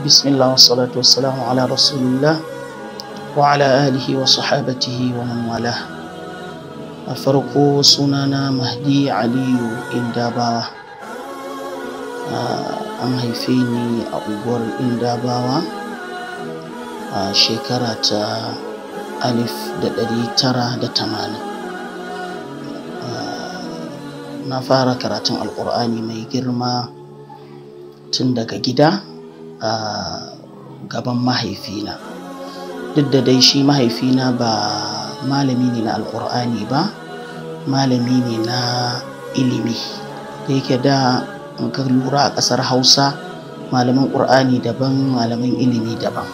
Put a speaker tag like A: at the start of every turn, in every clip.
A: bismillah salatu wassalamu ala rasulillah wa ala alihi wa sahabatihi wa man a farko sunana mahdi aliyu indabawa ah, an haife ni a unguwar indabawa a shekara ta alif da ɗari tara da tamanin ah, na fara karatun alƙur'ani mai girma tun daga gida a gaban mahaifina duk da dai shi mahaifina ba malami ne na Alƙur'ani ba malami ne na ilimi da yake da ga lura a ƙasar hausa malamin ƙur'ani daban malamin ilimi daban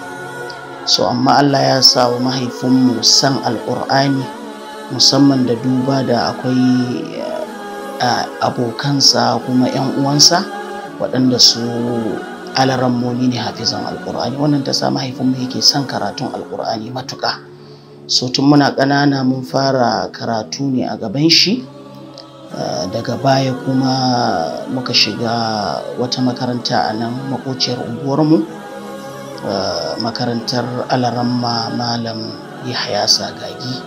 A: so amma allah ya sa wa mahaifinmu san Alƙur'ani musamman da duba da akwai eh, abokansa kuma 'yan uwansa waɗanda su alarammomi ne hafizan alkur'ani wannan ta sa mahaifinmu yake son karatun alkur'ani matuƙa so tun muna ƙanana mun fara karatu ne a gaban shi eh, daga baya kuma muka shiga wata makaranta a nan makociyar unguwarmu eh, makarantar alaramma malam yahaya sagagi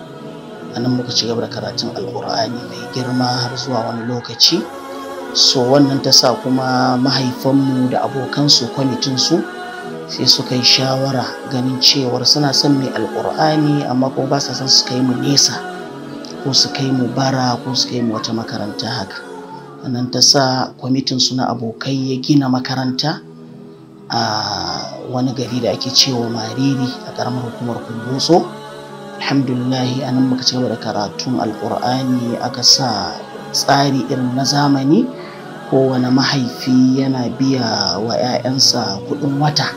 A: a nan muka ci gaba da karatun alkur'ani mai girma har zuwa wani lokaci so wannan ta sa kuma mahaifanmu da abokansu kwamitinsu sai suka yi shawara ganin cewar suna son mai alkur'ani amma ko ba sa son su kai mu nesa ko su kai mu bara ko su kai mu wata makaranta haka nan ta sa kwamitin na abokai ya gina makaranta a wani gari da ake cewa mariri a karamar hukumar kumbutso alhamdulillahi anan nan muka cigaba da karatun alkur'ani aka sa tsari irin na zamani Kowane mahaifi yana biya wa 'ya'yansa kuɗin wata.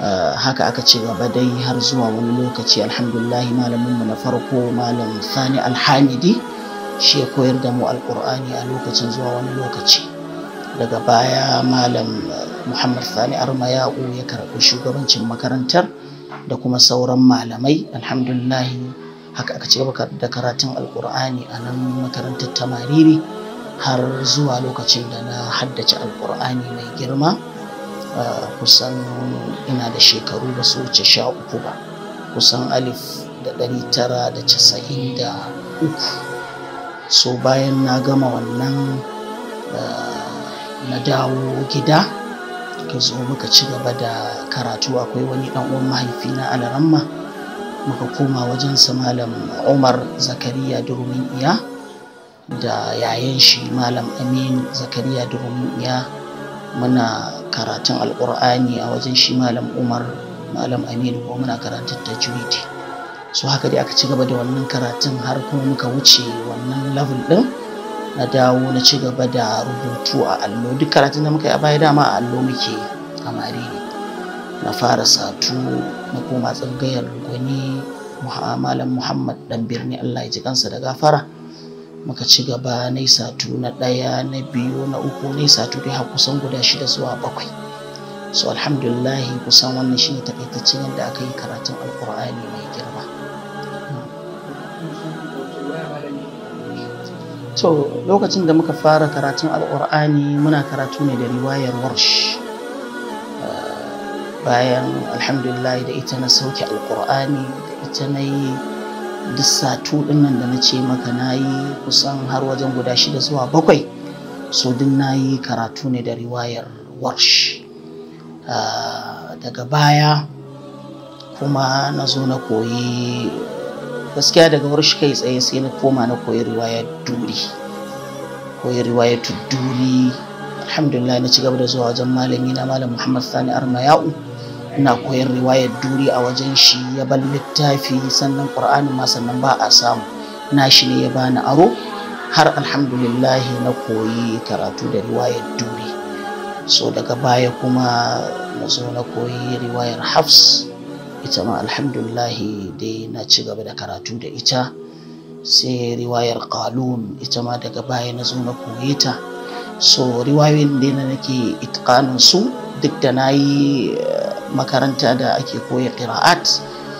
A: Eh, haka aka ci gaba dai har zuwa wani lokaci malamin malaminmu na farko malam Sani Alhamidi shi ya koyar da mu alkur'ani a lokacin zuwa wani lokaci. Daga baya malam Muhammad Sani Armayau ya karɓi shugabancin makarantar da kuma sauran malamai alhamdulahi haka aka ce gaba da karatun alkur'ani a nan makarantar Tamariri. har zuwa lokacin da na haddace alkur'ani mai girma eh, kusan ina da shekaru da su wuce sha uku ba kusan alif da ɗari tara da casa'in da uku so bayan na gama wannan eh, na dawo gida ka zo muka ci gaba da karatu akwai wani ɗan uwan mahaifi na alaramma muka koma wajen malam umar zakariya durmin iya da yayan shi malam amin zakariya durmuya muna karatun alƙur'ani a wajen shi malam umar malam amin ko muna karatun juridi su haka dai aka ci gaba da wannan karatun har kuma muka wuce wannan level ɗin? na dawo na ci gaba da rubutu a allo duk karatun da muka yi a baya dama a allo muke a ne na fara satu na koma tsangayar gwani malam muhammad dan birni allah ya ji kansa da gafara muka ci gaba na tu na ɗaya na biyu na uku na tu dai har kusan guda shida zuwa bakwai so alhamdulillah kusan wannan shine takaitaccen yadda aka yi karatun alkur'ani mai girma to lokacin da muka fara karatun alkur'ani muna karatu ne da riwayar warsh eh, bayan alhamdulillah da ita na sauke alkur'ani da ita na yi duk satu nan da na ce maka na yi kusan har wajen guda shida zuwa bakwai so duk na yi karatu ne da riwayar warsh ah, daga baya kuma na zo na koyi gaskiya daga warsh kai tsaye sai na koma na koyi riwayar duri koyi riwayar duri alhamdulillah na ci gaba da zuwa wajen malami na malam muhammad sani armayau ina koyar riwayar duri a wajen shi ya bar littafi sannan ƙur'ani ma sannan ba a samu na shi ne ya bani aro har alhamdulillah na koyi karatu da riwayar duri so daga baya kuma na zo na koyi riwayar hafs ita ma alhamdulillah dai na ci gaba da karatu da ita sai riwayar qalun ita ma daga baya na zo na koyi ta so riwayoyin da nake itkanin su duk da na yi makaranta da ake koya ƙira'at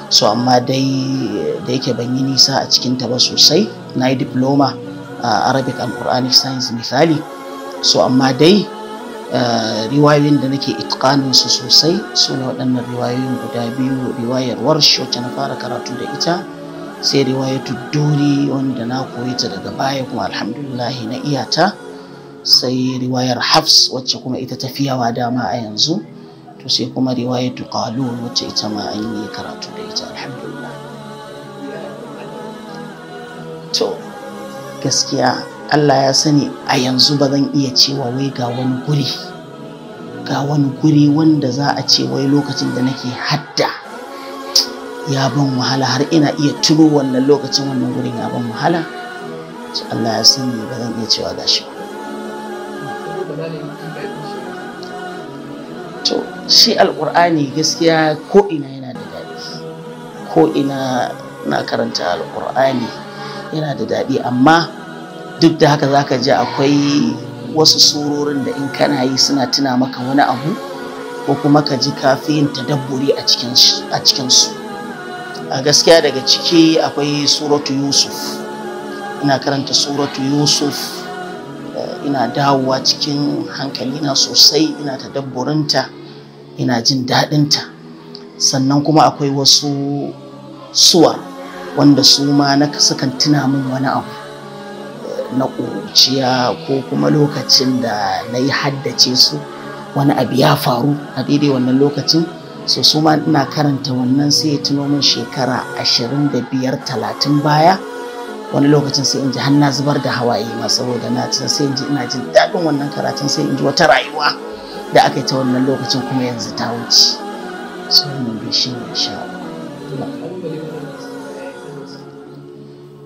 A: so amma dai da yake ban yi nisa a cikinta ba sosai na yi diploma a arabic and quranic science misali so amma dai eh, riwayoyin da nake itkanin su sosai su ne waɗannan riwayoyin guda biyu riwayar warsh wacce na fara karatu da ita sai riwayatu duri wanda na koyi ta daga baya kuma alhamdulillah na iyata sai riwayar hafs wacce kuma ita tafiyawa dama a yanzu to sai kuma riwayatu qalun wacce ita ma an yi karatu da ita alhamdulillah to gaskiya Allah ya sani a yanzu ba zan iya cewa wai ga wani guri ga wani guri wanda za a ce wai lokacin da nake hadda ya ban wahala har ina iya tuno wannan lokacin wannan gurin ya ban wahala Allah ya sani ba zan iya cewa gashi shi alkur'ani gaskiya ko ina yana da daɗi ko na karanta alkur'ani yana da daɗi amma duk da haka zaka ji akwai wasu surorin da in kana yi suna tuna maka wani abu ko kuma ka ji kafin tadabburi a cikinsu a gaskiya daga ciki akwai suratu yusuf ina karanta suratu yusuf eh, ina dawowa cikin hankalina sosai ina tadabburinta ina jin daɗinta sannan kuma akwai wasu suwa wanda su ma na sukan tuna min wani abu eh, na ƙuruciya ko kuma lokacin da na yi haddace su wani abu ya faru a daidai wannan lokacin so su ma ina karanta wannan sai tuno min shekara ashirin da biyar talatin baya wani lokacin sai in ji har zubar da hawaye ma saboda na sai in ji ina jin daɗin wannan karatun sai in ji wata rayuwa da aka yi ta wannan lokacin kuma yanzu ta wuce Sunan wannan ne sha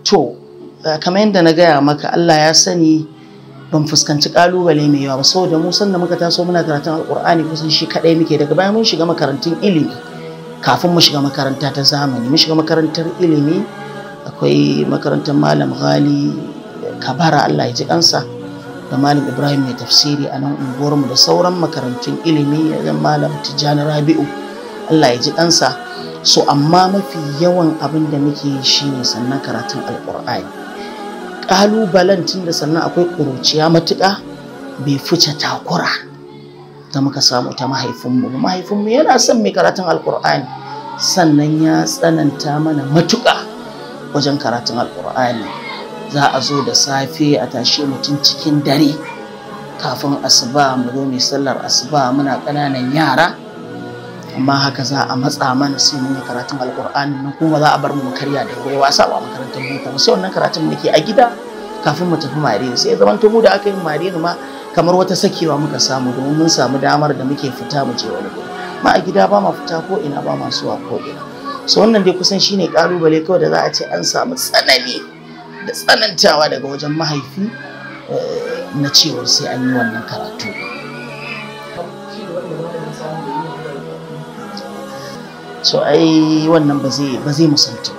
A: to eh, kamar yadda na gaya maka Allah ya sani ban fuskanci kalubale mai yawa ba saboda mu da muka taso muna karatun alkur'ani kusan shi kadai muke daga bayan mun shiga makarantun ilimi kafin mu shiga makaranta ta zamani mun shiga makarantar ilimi akwai makarantar malam ghali kabara Allah ya ji kansa da malam ibrahim mai tafsiri a nan unguwarmu da sauran makarantun ilimi da malam tijjani rabi'u allah ya ji ɗansa so amma mafi yawan abin da muke yi shine sannan karatun alƙur'ani ƙalubalen tun da sannan akwai ƙuruciya matuƙa bai fice takura da muka samu ta mahaifinmu mahaifinmu yana son mai karatun Alƙur'ani. sannan ya tsananta mana matuƙa wajen karatun Alƙur'ani. za a zo da safe a tashi mutum cikin dare kafin asuba mu zo mai sallar asuba muna ƙananan yara amma haka za a matsa mana sai mun yi karatun alkur'ani nan kuma za a bar mu karya da goyi wasa ba makarantar mu ba sai wannan karatun ke a gida kafin mu tafi marina sai zaman mu da aka yi marina ma kamar wata sakewa muka samu domin mun samu damar da muke fita mu je wani guri ma a gida ba ma fita ko ina ba ma suwa ko ina so wannan dai kusan shine kalubale kawai da za a ce an samu tsanani da tsanantawa daga wajen mahaifi eh, na cewar sai an yi wannan karatu so ai wannan ba zai musulta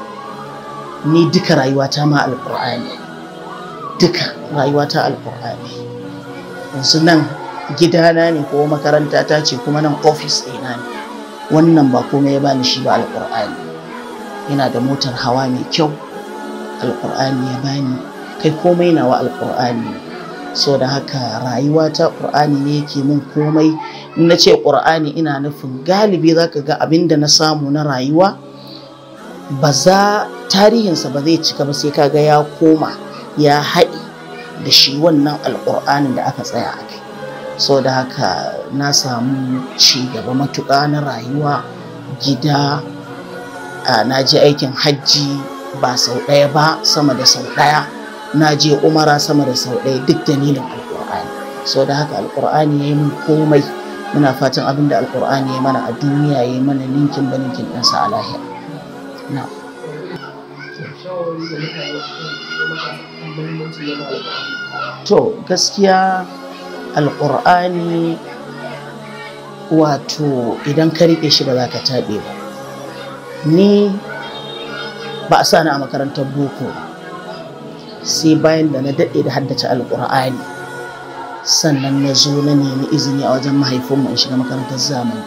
A: ni duka rayuwata ma alkur'ani duka rayuwata alkur'ani yanzu nan gidana ne ko makaranta ta ce kuma nan ofis ɗina ne wannan ba komai ya bani shi ba alkur'ani yana da motar hawa mai kyau alƙur'ani ya bani kai komai nawa alƙur'ani so da haka rayuwa ta ƙur'ani ne yake min komai na ce ƙur'ani ina nufin galibi za ka ga abin da na samu na rayuwa ba za tarihinsa ba zai cika ba sai ka ga ya koma ya haɗi da shi wannan alƙur'anin da aka tsaya a kai so da haka na samu ci gaba matuƙa na rayuwa gida na ji aikin hajji ba sau ɗaya ba sama da sau ɗaya na je umara sama da sau ɗaya duk dalilin alƙur'ani sau da haka alkurani ya yi min komai muna fatan abin da alkur'ani ya mana a duniya ya yi mana ninkin ba ninkin ɗansa a lahira na to gaskiya alkur'ani wato idan ka riƙe shi ba za ka taɓe ba ni ba a sani a makarantar boko sai bayan da na daɗe da haddace alƙur'ani sannan na zo na nemi izini a wajen mahaifinmu in shiga makarantar zamani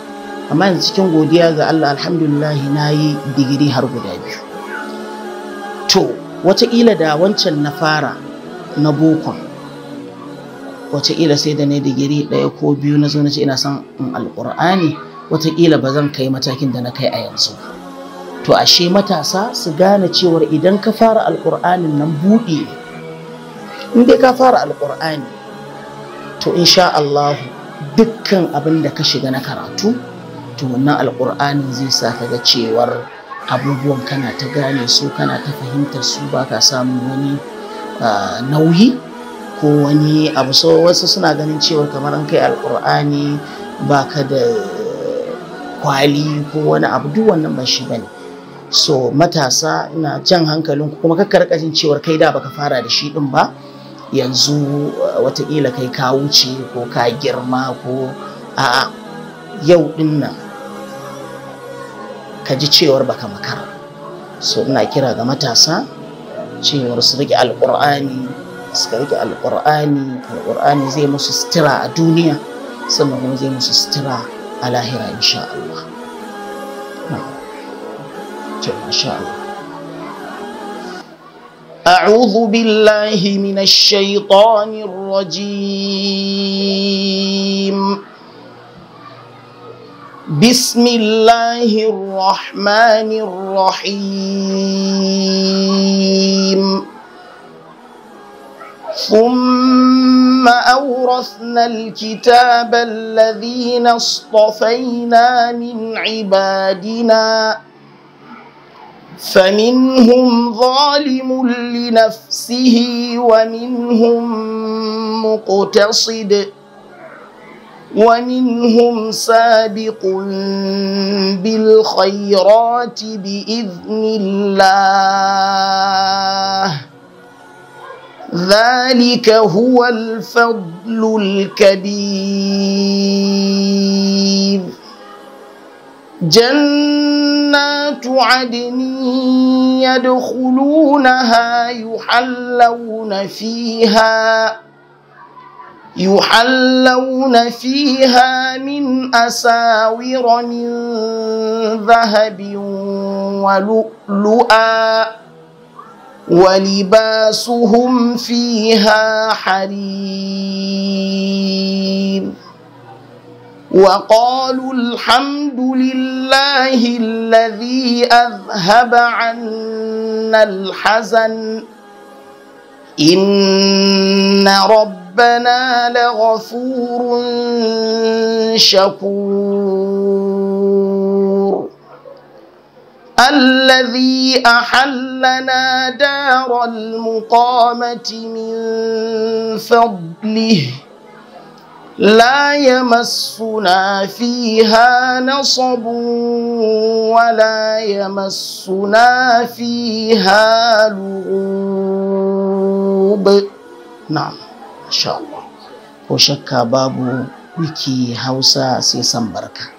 A: amma yanzu cikin godiya ga Allah alhamdulillah na yi digiri har guda biyu to wataƙila da wancan na fara na bokon wataƙila sai da ne digiri ɗaya ko biyu na zo na ce ina son in alƙur'ani wataƙila ba zan kai matakin da na kai a yanzu ba to ashe matasa su gane cewar idan ka fara alƙur'anin nan buɗe in dai ka fara alƙur'ani to insha Allahu dukkan abin da ka shiga na karatu to wannan alƙur'anin zai sa ka ga cewar abubuwan kana ta gane su kana ta fahimtar su ba ka samun wani ah, nauyi ko wani abu so wasu suna ganin cewa kamar an kai alkur'ani ka da kwali ko wani abu duk wannan ba shi bane so matasa ina jan hankalin kuma kakkarkashin cewar kai da baka fara da shi din ba yanzu eh, wataƙila kai ka wuce ko ka girma ko a'a yau din nan ka ji cewar baka makara so ina kira ga matasa cewar su rike alƙur'ani suka rike alƙur'ani alƙur'ani zai musu sutura a duniya sannan kuma zai musu sutura a lahira insha Allah ما شاء الله
B: أعوذ بالله من الشيطان الرجيم بسم الله الرحمن الرحيم ثم أورثنا الكتاب الذين اصطفينا من عبادنا فمنهم ظالم لنفسه ومنهم مقتصد ومنهم سابق بالخيرات بإذن الله ذلك هو الفضل الكبير جنات عدن يدخلونها يحلون فيها يحلون فيها من أساور من ذهب ولؤلؤا ولباسهم فيها حرير وقالوا الحمد لله الذي اذهب عنا الحزن ان ربنا لغفور شكور الذي احلنا دار المقامه من فضله لا يمسنا فيها نصب ولا يمسنا فيها
A: لغوب نعم إن شاء الله وشك باب wiki hausa سيسم san